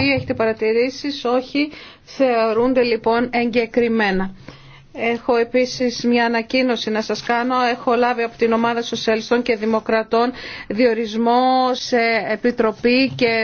έχετε παρατηρήσει όχι, θεωρούνται λοιπόν εγκεκριμένα. Έχω επίσης μια ανακοίνωση να σας κάνω. Έχω λάβει από την ομάδα Σοσιαλιστών και Δημοκρατών διορισμό σε επιτροπή και